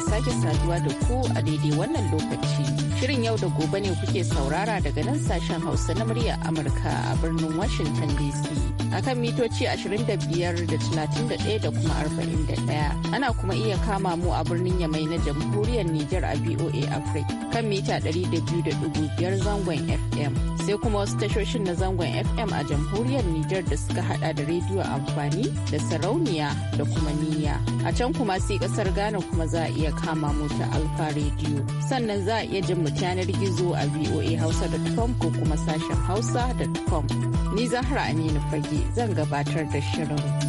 da sake saduwa da ku a daidai wannan lokaci. Shirin yau da gobe ne kuke saurara daga nan sashen Hausa na murya Amurka a birnin Washington DC. Akan mitoci 25 da 31 da kuma 41. Ana kuma iya kama mu a birnin Yamai na jamhuriyar Nijar a BOA Africa. kan mita 200.5 zangon FM sai kuma wasu tashoshin na zangon FM a jamhuriyar Nijar da suka hada da rediyo amfani da sarauniya da kuma niyya. A can kuma sai kasar Ghana kuma za a iya kama mu ta Alfa Radio. Sannan za a iya jin mu gizo a voa Hausa.com ko kuma sashen hausa.com. Ni Zahra Aminu Fage zan gabatar da shirin.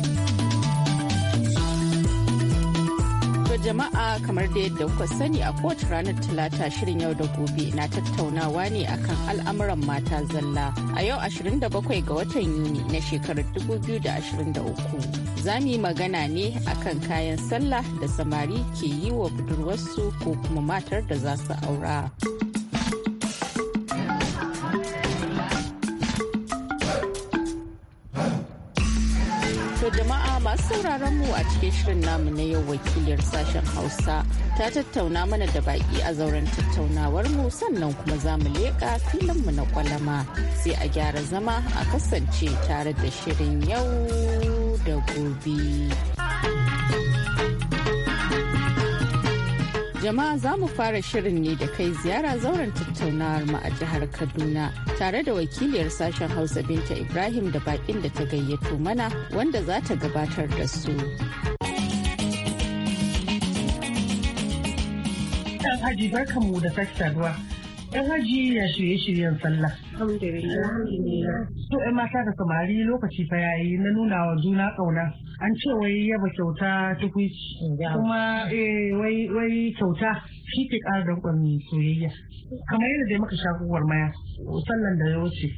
To jama'a kamar da yadda kuka sani a kowace ranar talata shirin yau da gobe na tattaunawa ne akan al'amuran mata zalla a yau 27 ga watan Yuni na shekarar 2023. Za mu yi magana ne akan kayan sallah da samari ke yi wa budurwarsu ko kuma matar da za su aura. masu sauraron mu a cikin shirin namu na yau wakiliyar sashen Hausa ta tattauna mana da baki a zauren tattaunawar mu sannan kuma za mu leƙa filinmu na kwalama sai a gyara zama a kasance tare da shirin yau da gobe. Jama'a za mu fara shirin ne da kai ziyara zauren tattaunawar mu a jihar Kaduna tare da wakiliyar sashen Hausa Binta Ibrahim da bakin da ta gayyato mana wanda za ta gabatar da su. ɗan haji barkanmu da saduwa. Yan haji ya shirye-shiryen sallah. Alhamdulillah. To 'yan mata da samari lokaci fa yayi na nuna wa juna ƙauna. an ce wai yaba kyauta tukwi kuma eh, wai kyauta shi ke ƙara danƙon soyayya kamar yadda dai muka sha maya sallan da ya wuce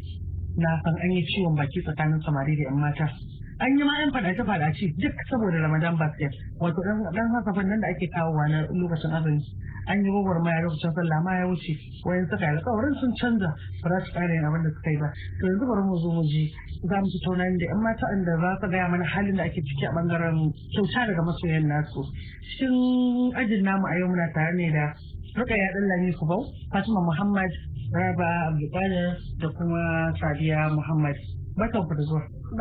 na san an yi ciwon baki tsakanin samari da 'yan mata an yi ma 'yan fadace duk saboda ramadan basket wato ɗan hasafin nan da ake kawowa na lokacin azumi an yi gwagwarmaya kusan sallah ma ya wuce wayan suka alƙawarin sun canza ba za su ƙara yin abin da suka yi ba to yanzu bari mu zo mu je za mu tauna da yan mata da za su gaya mana halin da ake ciki a bangaren kyauta daga masoyan nasu shin ajin namu a yau muna tare ne da Ruka ya ɗan lami kubau, Fatima Muhammad, Raba Abdulkadir da kuma Sadiya Muhammad. Barkan ku da zuwa. To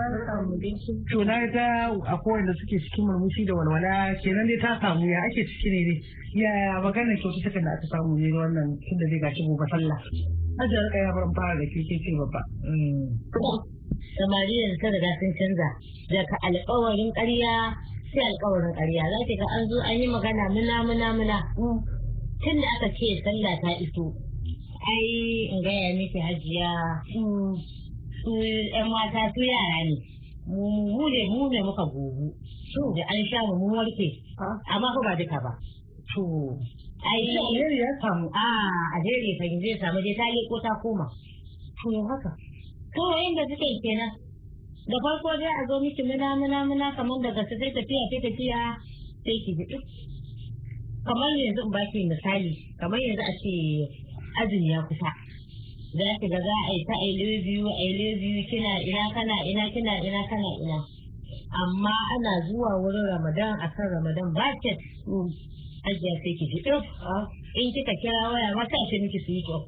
ta ga a kowanne suke cikin murmushi da walwala kenan dai ta samu ya ake ciki ne ne ya maganar kyaututtuka da aka samu ne wannan tun da zai gashi gobe sallah. Hajjar kaya ban fara da kike ce babba. Samari yanzu ta riga sun canza daga alkawarin ƙarya sai alkawarin ƙarya za ki ga an zo an yi magana muna muna muna. Tun da aka ce sallah ta iso. Ai in gaya miki hajiya. su yan mata su yara ne mu ne mu ne muka gobu da an sha mu warke amma ko ba duka ba to ai ya samu a a jere fa zai samu je ta ko ta koma to haka kawai inda suke kenan da farko dai a zo miki muna muna muna kamar daga su sai tafiya sai tafiya sai ki ji kamar yanzu in baki misali kamar yanzu a ce azumi ya kusa za ki ga za a yi ta I love you I love you kina ina kana ina kina ina kana ina amma ana zuwa wurin Ramadan a kan Ramadan basket mm. ajiya sai ki ji ah. in kika kira waya mata ce miki su yi kyau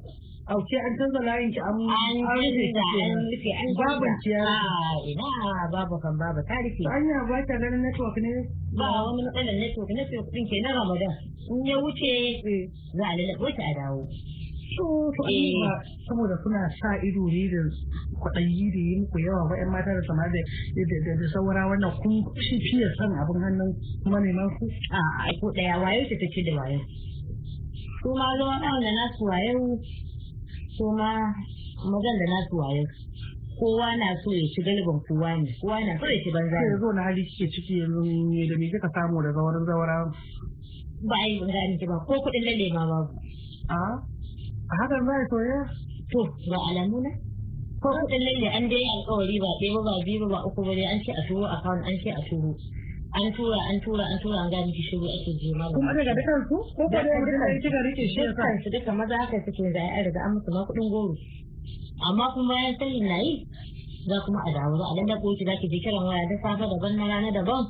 auke an canza layin ki an rufe an babu ciya ah, ina babu kan babu tarihi anya ba ta ganin network ne ba wani matsalar network network din ke na Ramadan in ya wuce eh. za a lalace ta dawo Eh. saboda kuna sa ido ne da kwaɗayi da yi muku yawa ba 'yan mata da sama da saura wannan kun shi ya san abin hannun kuma neman ku a ko ɗaya wayo ce take da wayo su ma zama ɗan da nasu wayo su ma mazan da nasu wayo kowa na so ya ci galibin kowa ne kowa na so ya ci banza ne zo na hali kike ciki yanzu ne da me kika samu daga wurin zawara ba a yi banza ne ba ko kuɗin lalle ma babu a hakan za a soyayya to ba alamu na ko kudin nan lalle an dai alkawari ba ɗaya ba biyu ba ba uku ba dai an ce a turo account an ce a turo an tura an tura an tura an gani shiru ake je ma kuma daga dukkan su ko ko da wanda ya ci gari ke shi ya kan su duka maza haka suke da ya riga an musu ma kudin goro amma kuma ya sai yi za kuma a dawo za a ko ki za ki je kiran waya da safe daban na rana daban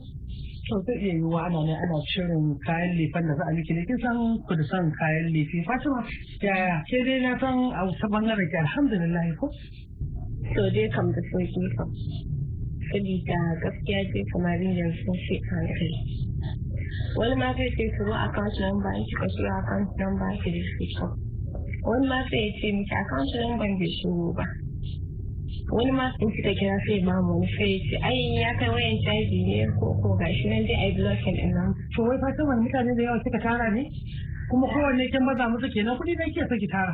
to zai iya ana ne ana shirin kayan lefen da za a miki ne kin san ku da san kayan lefe fatima yaya ke dai na san a wasu bangaren ki alhamdulillah ko to dai kam da sauki kam sabida gaskiya ce kamar yanzu sun a kai. wani ma zai ce su ba account number in kika shiga account number ki da shi wani ma sai ya ce miki account ban bai shigo ba wani ma in kika kira sai ba mu wani sai ce ai ya kai wayan caji ne ko ko gashi nan dai ai blocking din nan to wai fa wani mutane da yawa suka tara ne kuma kowanne kin baza musu kenan kuɗi da kike saki tara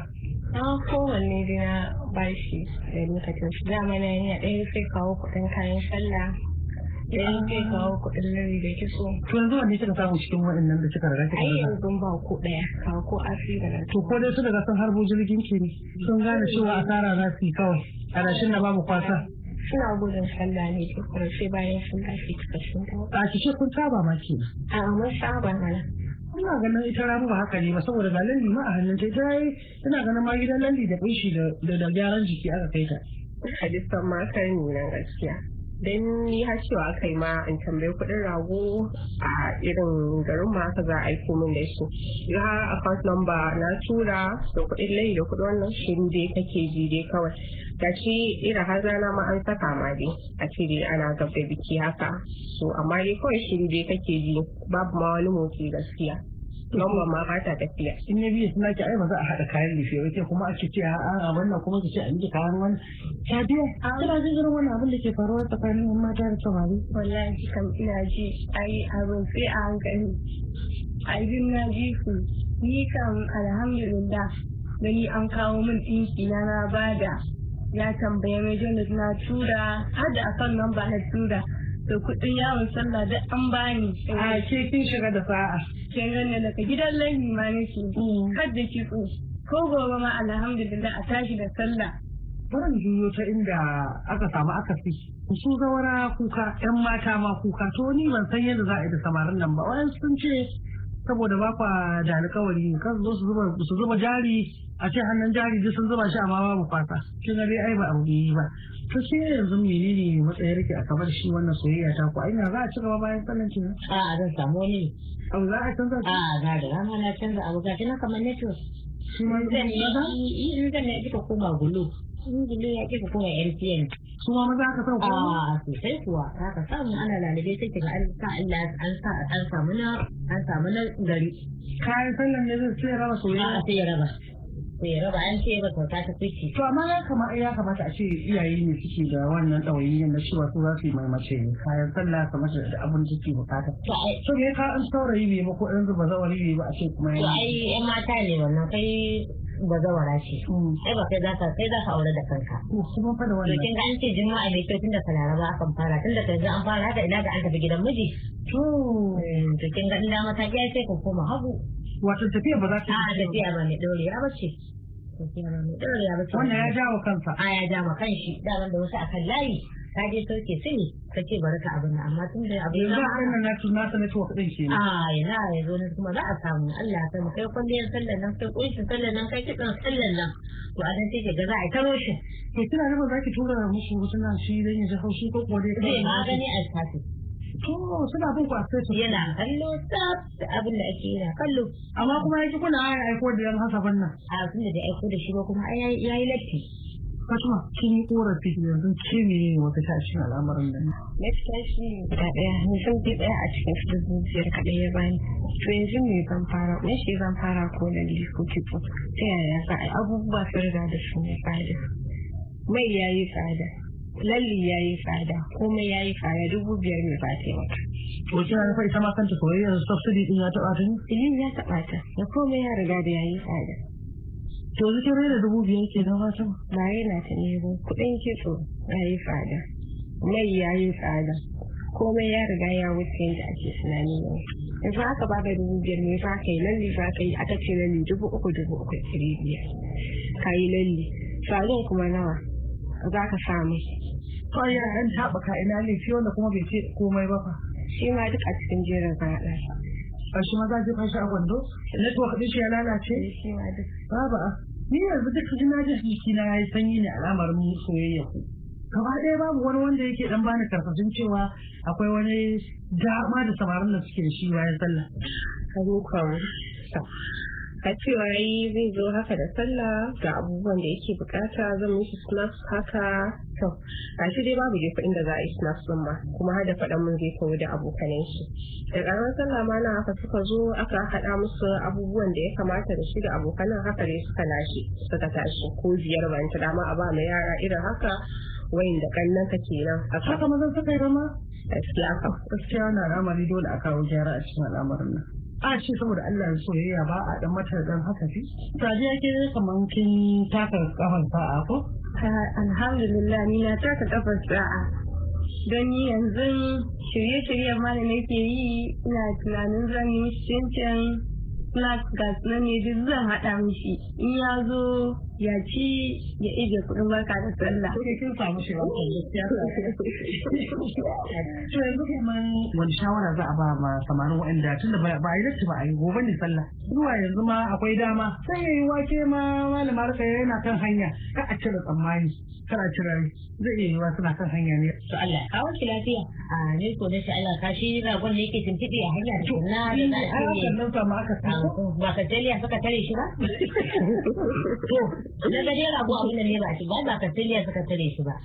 an kowanne dina ba shi da lokacin da mana na yana ɗaya sai kawo kuɗin kayan sallah ɗaya ke kawo kuɗin lari da kitso. To yanzu wanne kika samu cikin waɗannan da kika raga kika Ai yanzu ba ko ɗaya kawo ko asiri da To ko dai su daga sun harbo jirgin ke ne sun gane cewa asara za su yi kawai. Adashin na babu kwasa. Suna gudun sallah ne tukuru sai bayan sun tashi suka sun dawo. A kike kun saba ma ke. A mun saba mana. Ina ganin ita ramu ba haka ne ba saboda ga lalli ma a hannun ta ita yi ina ganin ma gidan lalli da kunshi da gyaran jiki aka kai ta. Hadisan ma kan nan gaskiya. don ni har cewa aka yi ma in tambayi kuɗin rago a irin garin ma haka za a aiko min da shi ga account number na tura da kudin lai da kudin wannan shirin dai kake ji dai kawai gashi irin har rana ma an saka ma dai a ce dai ana gabda biki haka so amma dai kawai shiru dai kake ji babu ma wani motsi gaskiya lamba ma ba ta tafiya. In ya biya suna ki ai ba za a haɗa kayan lefe ba ke kuma ake ce a wannan kuma su ce a yi kayan wani. Ta biya ina jin irin wani abin da ke faruwa tsakanin yan mata da samari. Wallahi kam ina ji ai abin sai a hankali. Ai jin na ji ku ni kam alhamdulillah gani an kawo min ɗinki na na bada ya tambaye mai na tura har da akan namba na tura da kuɗin yawon sallah da an bani. A ke kin shiga da fa'a. Kin da daga gidan lahi ma nake. Mm. Har da kitso. Ko gobe ma alhamdulillah a tashi da sallah. Barin juyo ta inda aka samu akasi. Su zawara kuka, 'yan mata ma kuka, to ni ban san yadda za a yi da samarin nan ba. Wayan sun ce saboda ba kwa da alkawari kan zo su zuba jari a ce hannun jari duk sun zuba shi amma babu fata kin ga dai ai ba abu yi ba to shi yanzu menene matsayin rike a kamar shi wannan soyayya ta ku aina za a ci gaba bayan sanin ki a a zan samu wani abu za a canza a ga da rama na canza abu ga kina kamar network shi ma zan yi zan ne kika koma gulu ingila ya kika kuma mtn su ma maza ka sauka a ah, sosai kuwa haka samun ana lalabe sai kiga an sa an sa an samu na an samu na gari kayan sallan ne zai sai raba soyayya a ah, sai raba sai raba an ce ba kyauta ta fice to amma ya kamata ya kamata a ce iyaye ne suke da wannan ɗawainiyar na ba su za su yi maimace kayan sallah kamar da abin da suke bukata to me ka an saurayi ne ba ko ɗan zuba zawari ne ba a ce kuma ya ai mata ne wannan kai ba zawara ce mm. Sai ba kai za ka kai za ka aure da kanka kuma mm, fa da wannan to kin ga an ce juma'a ne to tunda ka laraba akan fara tun da ka an fara haka ina ga an tafi gidan miji to mm, to kin ga ina mata ya sai ka koma hagu wato tafiya ba za ta a tafiya ba mai dorewa ba ce wannan ya jawo kansa a ya jawo kanshi Da wanda wasu akan layi ka je sauke su ne ka ce bari ka abin amma tun da abin da ba nan ah, na tuna sanar to kudin shi ne a yana zo ne kuma za a samu Allah ta kai kwalliyar sallan nan kai kunshin sallan nan kai kidan sallan nan to a nan sai ga za a taro shi to kina ne za ki tura musu hotunan shi dan ya ji haushi ko ko dai ya gani a tafi to suna bin ku a sai yana kallo tsaf da abin da ake yana kallo amma kuma yake kuna ai aiko da yan hasa nan a tun da aiko da shi ba kuma ya yi latti fatima kin yi korafi yanzu ke ne wata tashin al'amarin nan gaskiya shi ga daya ni sauki ɗaya a cikin su zuciyar kaɗai ya bani to yanzu me zan fara me shi zan fara ko na ko kitso ta yaya za a abubuwa sun riga da su ne tsada mai ya yi tsada lalli ya yi tsada komai ya yi tsada dubu biyar ne ba ta yi mata Wace na nufa ita ma kanta soyayyar subsidy ɗin ya taɓa ta ne? Ilimi eh, ya taɓa ta da komai ya riga da ya yi tsada. to zuke da dubu biyar ke don wata ba yana ta ne ba kuɗin kitso ya yi fada. mai ya yi fada. komai ya riga ya wuce yadda ake tunani yau yanzu aka ba da dubu biyar ne za ka yi Lalli za ka yi aka ce lalle dubu uku dubu uku ɗari biyar ka yi lalli. salon kuma nawa za ka samu kawai an taɓa ka ina laifi wanda kuma bai ce komai ba fa shi ma duk a cikin jerin zaɗa a shi maza zai fashi a gwando network din shi ya lalace eh, babu a ni yanzu duk na ji jiki na yayi sanyi ne alamar mu soyayya ku gaba ɗaya babu wani wanda yake dan bani karfafin cewa akwai wani dama da samarin da suke da shi bayan sallah a cewa yi zai zo haka da sallah ga abubuwan da yake bukata zan mishi snacks haka to a shi dai babu jefa inda za a yi snacks din ba kuma har da faɗan mun zai kawo da abokanan shi da ƙaramar sallah ma na haka suka zo aka haɗa musu abubuwan da ya kamata da shi da abokanan haka dai suka lashe suka tashi ko ziyar ban ta dama a ba mu yara irin haka wayin da kallon ka kenan haka mazan suka yi rama haka gaskiya al'amari dole a kawo gyara a cikin al'amarin nan a ce saboda Allah ya soyayya ba a dan mata dan haka fi sadiya ke kaman kin taka kafar sa'a ko alhamdulillah ni na taka kafar sa'a don ni yanzu shirye-shiryen ma da nake yi ina tunanin zan yi cincin flags gas na ne duk zan haɗa mishi in ya zo ya ci ya ije kudin barka da sallah. Sai kin samu shi ba kan gaskiya. To yanzu kaman wani shawara za a ba ma samarin waɗanda tunda ba a yi latti ba a yi gobe ne sallah. Zuwa yanzu ma akwai dama sai ya yi wake ma malama raka yana kan hanya ka a cire tsammani ka a cire zai iya yiwa suna kan hanya ne. To Allah kawo ki lafiya. A ne ko na shi Allah ka shi ragon ne yake tuntuɓe a hanya to na da na a ce. Ai wannan sama aka samu. Ba ka taliya suka tare shi ba. Na ga dai rago abin da ne ba shi ba ba kasiliya suka tare shi ba.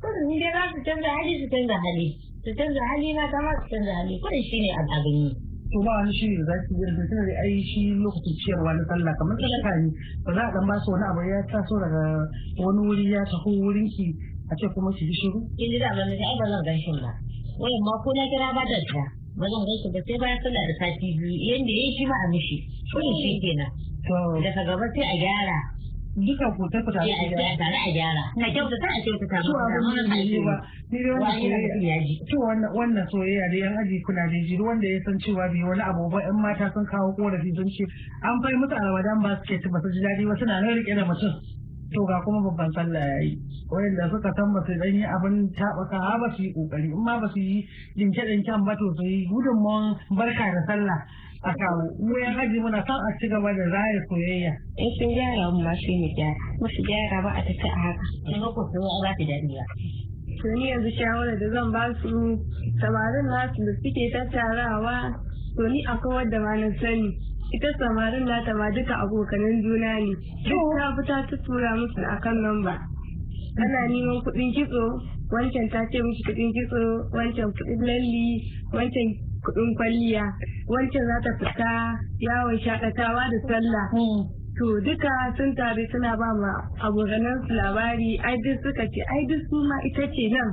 Kudin ni dai za su canza hali su canza hali. Su canza hali na kama su canza hali kudin shi ne abin yi. to ba wani shiri da zaki yi da tana ai shi lokacin ciyarwa na sallah kamar sadaka ne ba za a dan ba su wani abu ya taso daga wani wuri ya taho wurin ki a ce kuma su ji shiru in ji da ban da ai ba zan gaishe ba wai ma ko na kira ba da ta ba zan gaishe ba sai bayan sallah da sati biyu yanda yayi shi ma a mishi shi kenan to daga gaba sai a gyara duka kuta kuta tare a gyara na kyauta ta a yi ba to wannan wannan soyayya da aji kuna da jiri wanda ya san cewa bai wani abu yan mata sun kawo korafi sun ce an bai musu a Ramadan ba su ji dadi ba suna nan rike da mutum to ga kuma babban sallah yayi wanda suka san ba su yi abin tabaka ha ba su yi kokari in ma ba su yi dinke ɗinken ba to su barka da sallah a kawo mu yan haji muna son a ci gaba da raya soyayya in sun gyara mu ma sai mu gyara musu gyara ba a tafi a haka in ba ku sai za ki dadi ba to ni yanzu shawara da zan ba su samarin nasu da suke tattarawa to ni akwai wadda ma na sani ita samarin nata ma duka abokanan juna ne duk ta fita ta tura musu akan lamba ana neman kuɗin kitso wancan ta ce mishi kuɗin kitso wancan kuɗin lalli wancan kuɗin kwalliya wancan za ta fita yawon shakatawa da sallah to duka sun taru suna ba ma abokanan su labari ai suka ce ai duk su ma ita ce nan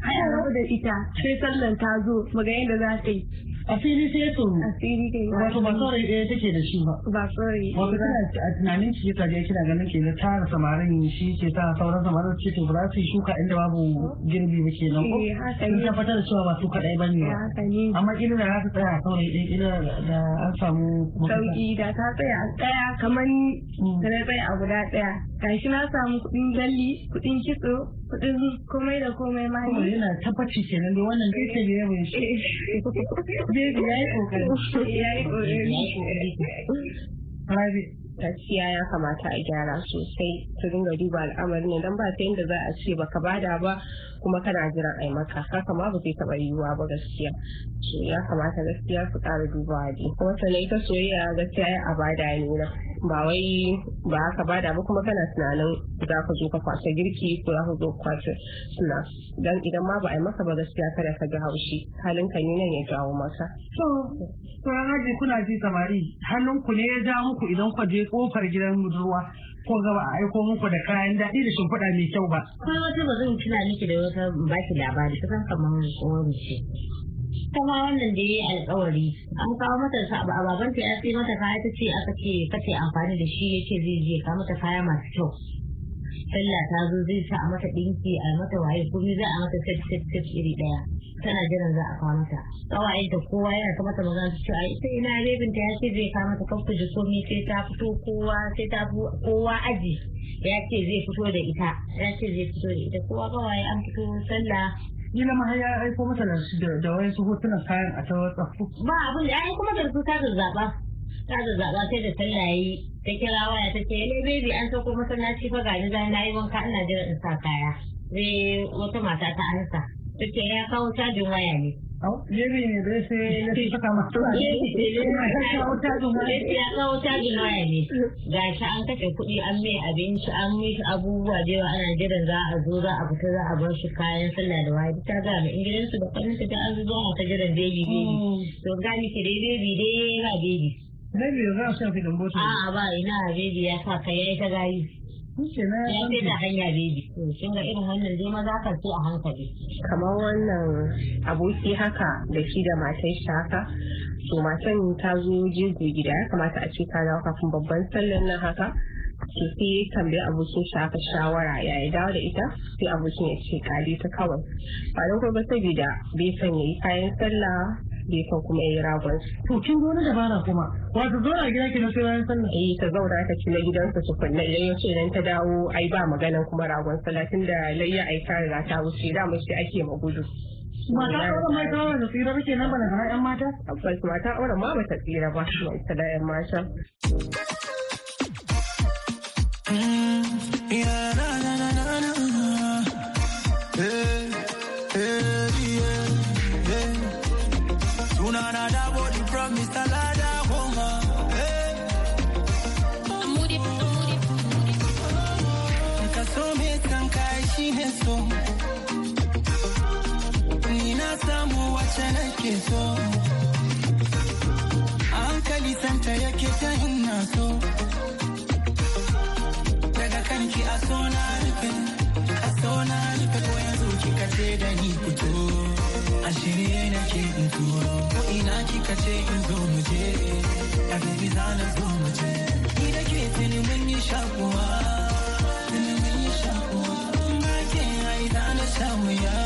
ana rabu da ita sai sallan ta zo maga yadda za ta yi asiri sai to wato ba saurayi ɗaya take da shi ba ba saurayi wato kina a tunanin ki ta je kina ganin ke da tara samarin shi ke sa sauran samarin ce to ba su shuka inda babu girbi ba ke nan ko eh, kin tabbatar da cewa ba su kadai ba ne eh, amma kina da za ta tsaya saurayi ɗaya kina da an samu sauki da ta tsaya a tsaya kamar mm. ta tsaya a guda ɗaya gashi na samu kuɗin dalli kuɗin kitso kudin komai da komai ma ne yana tabbaci kenan da wannan kai ce da ya bai shi baby yayi kokari yayi kokari rabi gaskiya ya kamata a gyara sosai su dinga duba al'amarin ne don ba ta yadda za a ce baka bada ba kuma kana jiran ai maka haka ma ba zai taba yiwuwa ba gaskiya so ya kamata gaskiya su ƙara dubawa dai kuma sannan ita soyayya gaskiya ya bada ne na ba wai ba aka bada ba kuma kana tunanin za ka zo ka kwace girki ko za ka zo kwace suna dan idan ma ba a yi masa ba gaskiya kada ka ji haushi halin ka ne nan ya jawo masa. to to haji kuna ji samari hannun ku ne ya ja muku idan ku je kofar gidan budurwa ko gaba a aiko muku da kayan daɗi da shimfiɗa mai kyau ba. kuma wata ba zan tuna miki da wata baki labari ka san kamar tsohon ce ta wannan da ya yayi alƙawari an kawo mata abu a babanta ya sai mata kaya ta ce aka ce kace amfani da shi yace zai je ka mata kaya masu kyau sallah ta zo zai sa a mata ɗinki a mata waye kuma zai a mata set set iri ɗaya tana jiran za a kawo mata kawayen ta kowa yana ta mata magana su ce a ita ina rebin ta ya ce zai kawo mata kanku ji komai sai ta fito kowa sai ta kowa aji ya ce zai fito da ita ya ce zai fito da ita kowa kawaye an fito sallah kila ma ya aiko mata da wayansu hotunan kayan a ta whatsapp ba abin da ai kuma da su ta zazzaba ta zazzaba sai da sallaye ta kira waya ta ce ne eh, baby an sauko masallaci fa ga ni na yi wanka ina jira in sa kaya sai wata mata ta ansa ta ce ya kawo cajin waya ne Jiri e ya ne. Ga shi an kashe kuɗi an mai abinci an mai abubuwa da yawa ana jiran za a zo za a fita za a bar shi kayan sallah da waya ta ga mai da farin ta an zo a ta jiran bebi bebi. To ga miki dai bebi dai ba bebi. za a A'a ba ina bebi ya sa kai ya yi ta gayi. hanya bebi ga irin wannan maza a hankali kamar wannan aboki haka da shi da matan shi haka to matan ta zo jego gida ya kamata a ce ta kafin babban sallan nan haka to sai ya tambayi abokin shi haka shawara ya yi dawo da ita sai abokin ya ce kale ta kawai ba don kuma saboda bai san yayi kayan sallah da yakan kuma yi ragon to kin zo na dabara kuma wato zauna gida ki na sai bayan sallah eh ta zauna ta ci na gidansa kunna idan ya ce nan ta dawo ai ba magana kuma ragon sallah tunda layya ai ta riga ta wuce da mu shi ake mu gudu. Mata auren mai tsawon da tsira ba nan bana da 'yan mata? Abbas mata auren ma ba ta tsira ba, ba ita 'yan mata. a shirye na ke in turo ko ina kika ce in zo mu je a bibi za zo mu je ni da ke tuni mun yi shakuwa tuni mun yi shakuwa ba ke ai za na sha wuya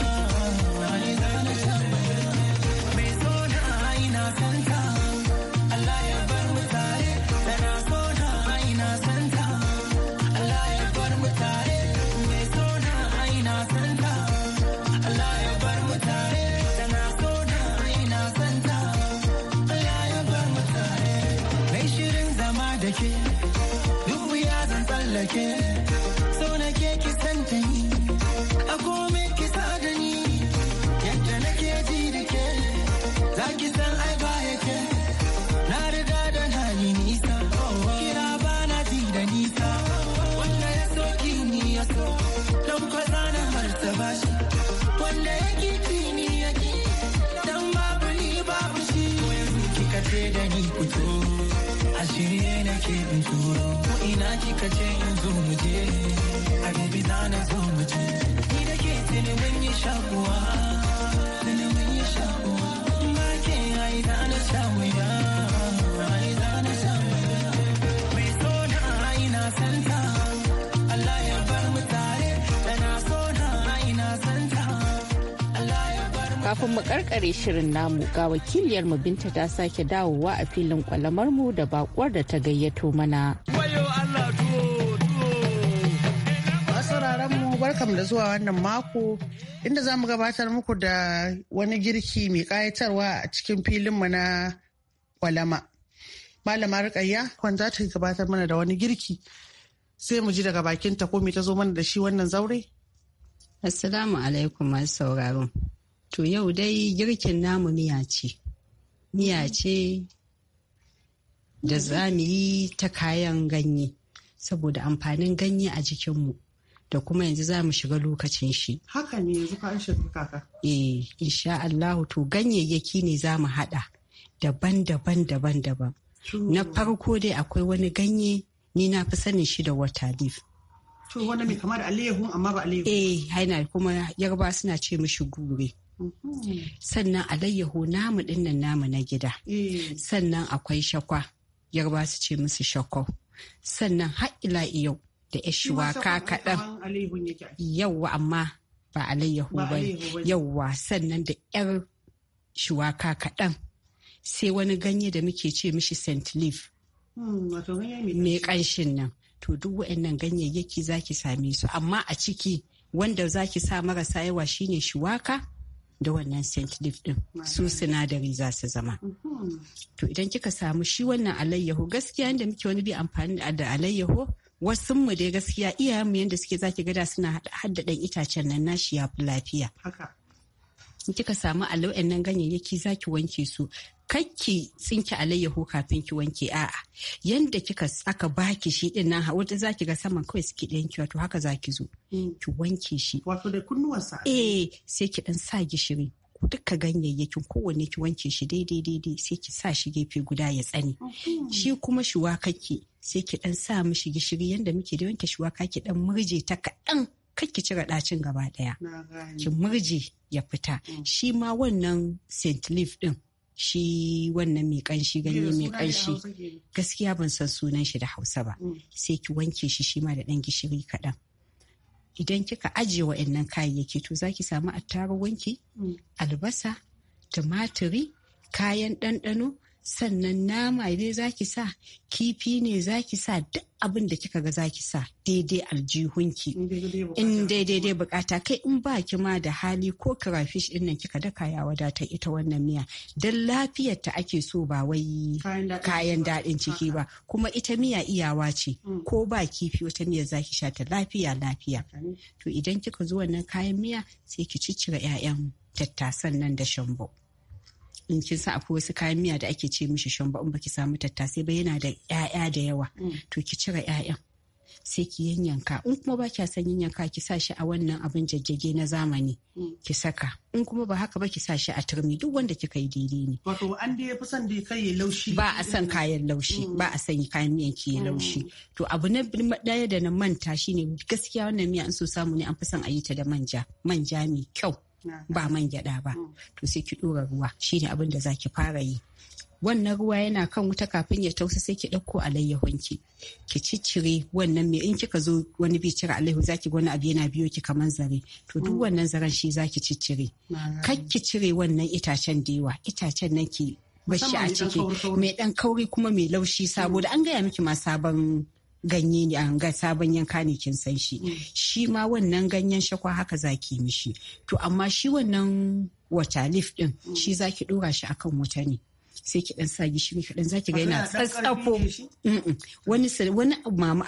fito a shirye nake in turo ko ina kika ce in zo mu je a bibi na na zo mu je ni da ke tuni yi shakuwa tuni yi shakuwa ba ke ai na na sha wuya ai na na sha wuya mai so na ai na santa Allah ya ba kafin mu karkare shirin namu ga wakiliyar mu binta ta sake dawowa a filin kwalamar mu da bakwar da ta gayyato mana. mu barkam da zuwa wannan mako inda za mu gabatar muku da wani girki mai kayatarwa a cikin filinmu na kwalama. Malama Rukayya kwan za ta gabatar mana da wani girki sai mu ji daga bakinta ko me ta zo mana da shi wannan zaure. Assalamu alaikum masu sauraro. To yau dai girkin namu miya ce. Miya mm. ce da za mu yi ta kayan ganye saboda amfanin ganye a jikinmu da kuma yanzu za mu shiga lokacin shi. Haka ne yanzu ka shiga kaka. Eh, insha Allah to ganyayyaki ne za mu haɗa daban-daban daban-daban. Na farko dai akwai wani ganye ni na fi sanin shi da water leaf. To wanda mai kamar da amma ba alayyahu. Eh, haina kuma yarba suna ce mishi gure. sannan alayyahu namu dinnan namu na gida mm. sannan akwai shakwa yarba su ce musu shakwa sannan ila yau da ya shuwaka kaɗan yauwa amma ba alayyahu ba yauwa sannan da yar shuwaka kaɗan sai wani ganye da muke ce mishi st leaf mm, mai ƙanshin nan to duk wa'annan ganyayyaki zaki same su amma a ciki wanda zaki sa marasa yawa shine shuwaka da wannan st leaf din su sinadari za su zama mhm. to idan kika samu shi wannan alayyaho gaskiya inda muke wani bi amfani da alayyaho wasu mu dai gaskiya iyayen mu yanda suke zaki gada suna haddadan itacen nan nashi ya fi lafiya kika samu aloe nan ganyayyaki zaki wanke su kakki tsinki alayyahu kafin ki wanke a'a yanda kika aka baki shi din nan wata zaki ga saman kawai suke ɗayan kiwa to haka zaki zo mm. ki wanke shi wato da kunnuwansa eh sai ki dan sa gishiri duka ganyayyakin kowanne ki wanke shi daidai daidai sai ki sa shi gefe guda ya tsane mm-hmm. shi kuma shuwakake sai ki dan sa mishi gishiri yanda muke da wanke shuwaka ki dan murje ta kaɗan kar ki cire ɗacin gaba ɗaya ki murje ya fita mm. shi ma wannan st leaf din shi wannan mai kanshi ganye mai kanshi gaskiya ban san sunan shi da hausa ba mm. sai ki wanke shi shi ma da ɗan gishiri kaɗan idan kika ajiye wa'annan kayayyaki to zaki samu wanki? Mm. albasa tumatiri kayan ɗanɗano sannan nama ne zaki sa kifi ne zaki sa duk abin da kika ga zaki sa daidai aljihunki in daidai dai bukata kai in ba ki ma da hali ko crayfish din nan kika daka ya wadata ita wannan miya Don lafiyar ta ake so ba wai kayan daɗin ciki ba kuma ita miya iyawa ce mm. ko ba kifi wata miya zaki sha ta lafiya lafiya to idan kika zo wannan kayan miya sai ki ciccire 'ya'yan tattasan nan da shambo. in kin sa akwai wasu kayan miya da ake ce mishi shamba in baki samu tattasai ba yana da ƴaƴa da yawa mm. to ki cire ƴaƴan sai ki yanyanka in kuma ba kya san yanyanka ki sa shi a wannan abin jajjage na zamani mm. ki saka in kuma ba haka ba ki sa shi a turmi duk wanda kika yi daidai ne wato an da yafi son da kai laushi ba a san kayan laushi mm. ba a san kayan miyan ki laushi to abu na daya da na manta shine gaskiya wannan miya in so samu ne an fi son a yi ta da manja manja mai kyau ba man gyada ba mm. to sai ki dora ruwa shine abin da zaki fara yi wannan ruwa yana kan wuta kafin ya tausa sai ki ɗauko alayyahunki ki ciccire wannan mai in kika zo wani bi cire alayyahu zaki wani abu yana biyo ki kaman zare to duk mm. wannan zaren shi zaki ciccire kar ki cire wannan itacen da yawa itacen nan ki bashi a ciki mai dan kauri kuma mai laushi saboda an gaya miki ma sabon ganye ne ga sabon yanka ne kin san shi mm. shi ma wannan ganyen shakwa haka zaki mishi to amma shi wannan wata leaf din mm. shi zaki dora shi akan wuta ne sai ki dan sa gishiri kadan zaki ga yana tsatsafo wani wani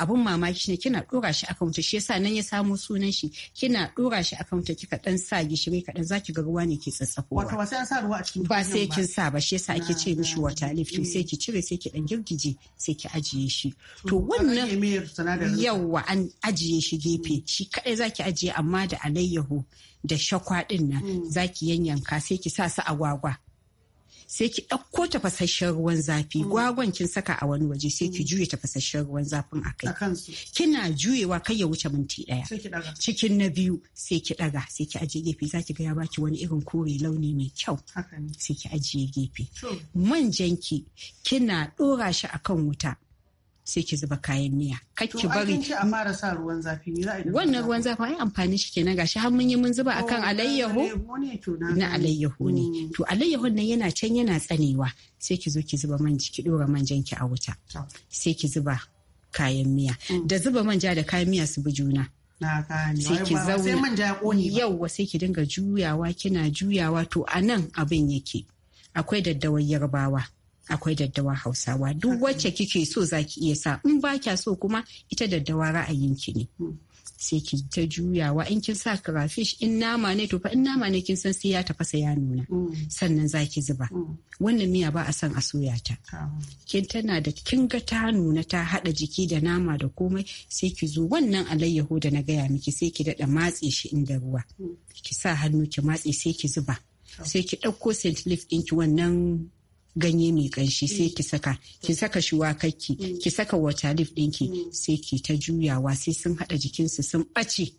abun mamaki shine kina dora shi akan wuta shi yasa nan ya samo sunan shi kina dora shi akan wuta kika dan sa gishiri kadan zaki ga ruwa ne ke tsatsafo wato ba sai an sa ruwa a cikin ba sai kin sa ba shi yasa ake ce mishi water leaf to sai ki cire sai ki dan girgije sai ki ajiye shi to wannan yawa an ajiye shi gefe shi kadai zaki ajiye amma da alayyahu da shakwa din nan mm. zaki yanyanka sai ki sa su agwagwa sai ki ɗauko tafasasshen ruwan zafi mm. gwagwan kin saka a wani waje sai ki mm. juya tafasasshen ruwan zafin a kai kina juyewa kai ya wuce minti ɗaya cikin na biyu sai ki ɗaga sai ki ajiye gefe za ki ga ya baki wani irin kore launi mai kyau sai ki ajiye gefe manjanki kina ɗora shi akan wuta sai ki zuba kayan miya kar ki bari to a fara sa ruwan zafi ne za wannan ruwan zafi ai amfani shi kenan gashi har mun yi mun zuba akan oh, alayyahu na alayyahu ne to alayyahu hmm. nan yana can yana tsanewa sai ki zo ki zuba man ki dora manjan ki a wuta sai ki zuba kayan miya hmm. da zuba manja da kayan miya su bi juna sai ki zauna yauwa sai ki dinga juyawa kina juyawa to a nan abin yake akwai daddawar yarbawa akwai daddawa hausawa duk wacce kike so zaki iya sa in ba kya so kuma ita daddawa ra'ayin ki ne hmm. sai ki ta juyawa in kin sa crayfish in nama ne to fa in nama ne kin san sai ya tafasa ya nuna hmm. sannan za ki zuba hmm. wannan miya ba a son a soya ta kin tana da kin ga ta nuna ta hada jiki da nama da komai sai ki zo wannan alayyaho da na gaya miki sai ki dada matse shi in da ruwa ki sa hannu ki matse sai ki zuba sai ki ɗauko st leaf ɗinki wannan ganye mai kanshi mm. sai ki saka ki mm. saka shuwakakki mm. ki saka water lif ɗinki sai ki ta juyawa sai sun haɗa jikinsu sun bace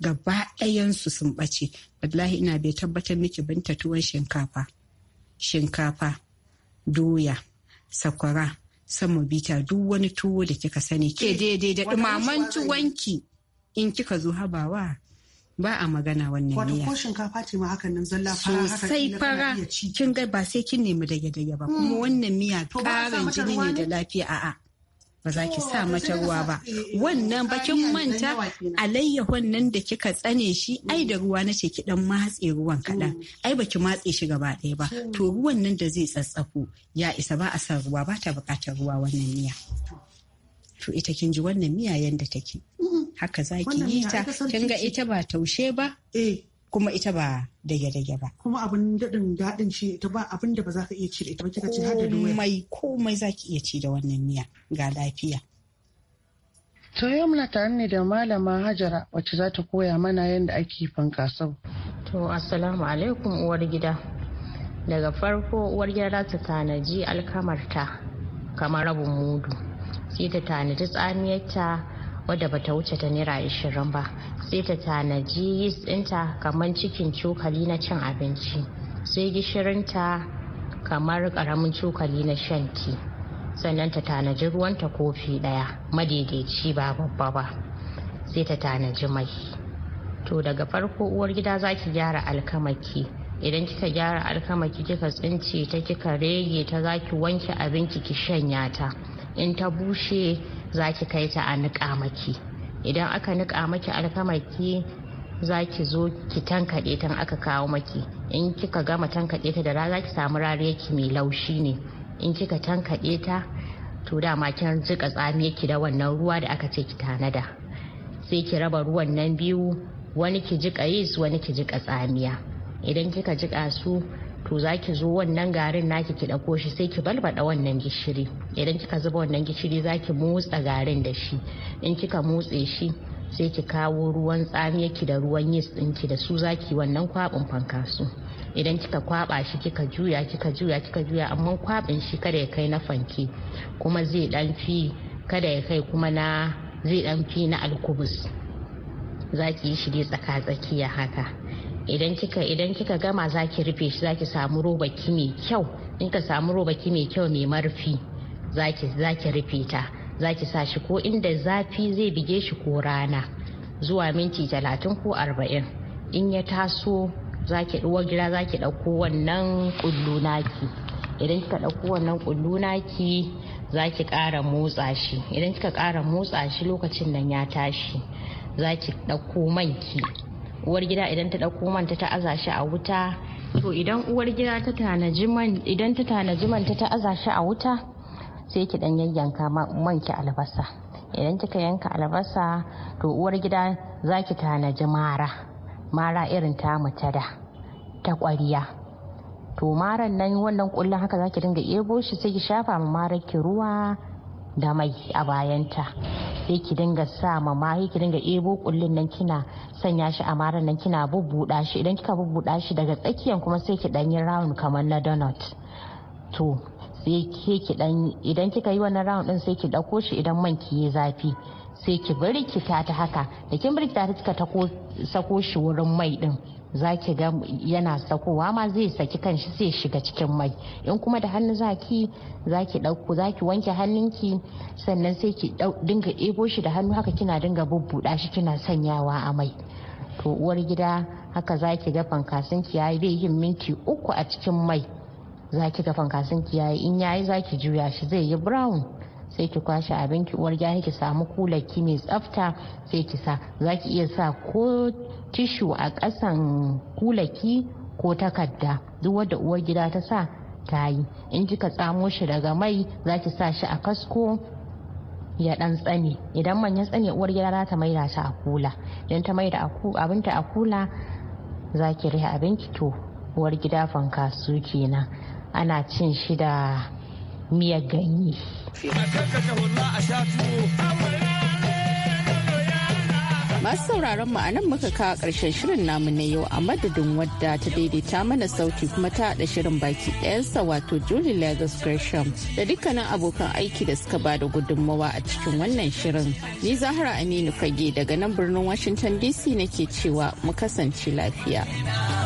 gaba ɗayansu sun ɓace wallahi ina bai tabbatar miki binta tuwon shinkafa shinkafa doya sakwara sama bita duk wani tuwo da kika sani ke daidai da ɗumaman tuwonki in kika zo habawa ba a magana wannan miya. Wato ko shinkafa ce ma hakan nan zalla fara haka sai fara kin ga ba sai kin nemi dage dage ba kuma hmm. wannan miya karin jini ne da lafiya a'a ba za ki sa mata ruwa ba eh, eh, wannan bakin manta alayyahon nan da kika tsane shi ai da ruwa na ce ki dan matse ruwan hmm. kaɗan ai baki matse shi gaba ɗaya ba hmm. to ruwan nan da zai tsatsako ya isa ba a san ruwa ba ta buƙatar ruwa wannan miya. to ita kin ji wannan miya yadda take mm-hmm. haka za ki yi ta kin ga ita ba taushe ba eh. kuma ita ba dage-dage ba. Kuma abin daɗin daɗin shi ita ba abin da ba za ka iya ci da ita ba kika ci har da doya. Komai komai za ki iya ci da wannan miya ga lafiya. To yau muna tare ne da malama Hajara wacce za ta koya mana yadda ake fankasau. To assalamu alaikum uwar gida. Daga farko uwar gida za ta tanaji alkamarta kamar rabin mudu. sai ta tanadi tsamiyarta wadda bata wuce ta naira ashirin ba sai ta tanaji yis ɗinta kamar cikin cokali na cin abinci sai gishirinta kamar karamin cokali na shan ti sannan ta tanaji ruwanta kofi ɗaya madaidaici ba babba ba sai ta tanaji mai to daga farko uwar gida za ki gyara alkamaki idan kika gyara alkamaki kika tsince ta kika rege ta za ki wanke abinki ki shanya ta in ta bushe za ki kai ta a niƙa maki idan aka niƙa maki alkamaki za ki zo ki tankaɗe ta aka kawo maki in kika gama tankaɗe ta da rana ki samu rariyarki mai laushi ne in kika tankaɗe ta to dama kin jika ki da wannan ruwa da aka ce ki tanada sai ki raba ruwan nan biyu wani ki jika yis wani ki jika tsamiya idan kika jika su to za ki zo wannan garin naki ki ɗauko shi sai ki balbaɗa wannan gishiri idan kika zuba wannan gishiri za ki motsa garin da shi in kika motse shi sai ki kawo ruwan tsamiyarki da ruwan yis ɗinki da su zaki wannan kwaɓin fankasu idan kika kwaɓa shi kika juya kika juya kika juya amma kwaɓin shi kada ya kai na fanke kuma zai ɗan fi kada ya kai kuma na zai ɗan fi na alkubus za ki yi shi dai tsaka-tsakiya haka idan kika idan kika gama zaki rufe shi zaki samu roba ki mai kyau in ka samu roba ki mai kyau mai marfi zaki zaki rufe ta zaki sa shi ko inda zafi zai bige shi ko rana zuwa minti talatin ko arba'in in ya taso zaki ɗuwa gira zaki ɗauko wannan ƙullu naki idan kika ɗauko wannan ƙullu naki zaki ƙara motsa shi idan kika ƙara motsa shi lokacin nan ya tashi zaki ɗauko manki uwar gida idan ta ɗauko manta ta aza shi a wuta to idan uwar gida ta tanaji man idan ta tanaji manta ta aza shi a wuta sai ki dan yayyanka man ki albasa idan kika yanka albasa to uwar gida za ki tanaji mara mara irin ta da ta ƙwariya to maran nan wannan kullun haka zaki dinga ebo shi sai ki shafa ma marar ki ruwa da mai a bayanta sai ki dinga sa ma sai ki dinga ebo kullun nan kina sanya shi a mara nan kina bubbuda shi idan kika bubbuda shi daga tsakiyan kuma sai ki danyi yi round kamar na donut to sai ki dan idan kika yi wannan round din sai ki dauko shi idan man ki yi zafi sai ki ki ta haka da kin birkita ta kika sako shi wurin mai din za ki ga yana sakowa ma zai saki kanshi zai shiga cikin mai in kuma da hannu zaki zaki dauko zaki wanke hannunki sannan sai ki dinga ɗebo shi da hannu haka kina dinga bubbuɗa shi kina sanyawa a mai to uwar gida haka zaki ga fankasin ki yayi bai yin minti uku a cikin mai zaki ga fankasin ki yayi in yayi zaki juya shi zai yi brown sai ki kwashe abinki uwar gida ki samu kulaki mai tsafta sai ki sa zaki iya sa ko tishu a ƙasan kulaki ko takarda duk wadda uwar gida ta sa ta yi in ka tsamo shi daga mai za ki sa shi a kasko ya dan tsane idan man ya tsane uwar gida za ta maida ta a kula idan ta maida abinta a kula za ki rihe abinki to uwar gida fankasu kenan ana cin shi da miyar ganye. masu sauraron mu anan muka kawo karshen shirin namu na yau a madadin wadda ta daidaita mana sauti kuma ta haɗa shirin baki ɗayansa wato Julie Lagos Gresham da dukkanin abokan aiki da suka bada gudunmawa a cikin wannan shirin. Ni Zahra Aminu Fage daga nan birnin Washington DC nake cewa mu kasance lafiya.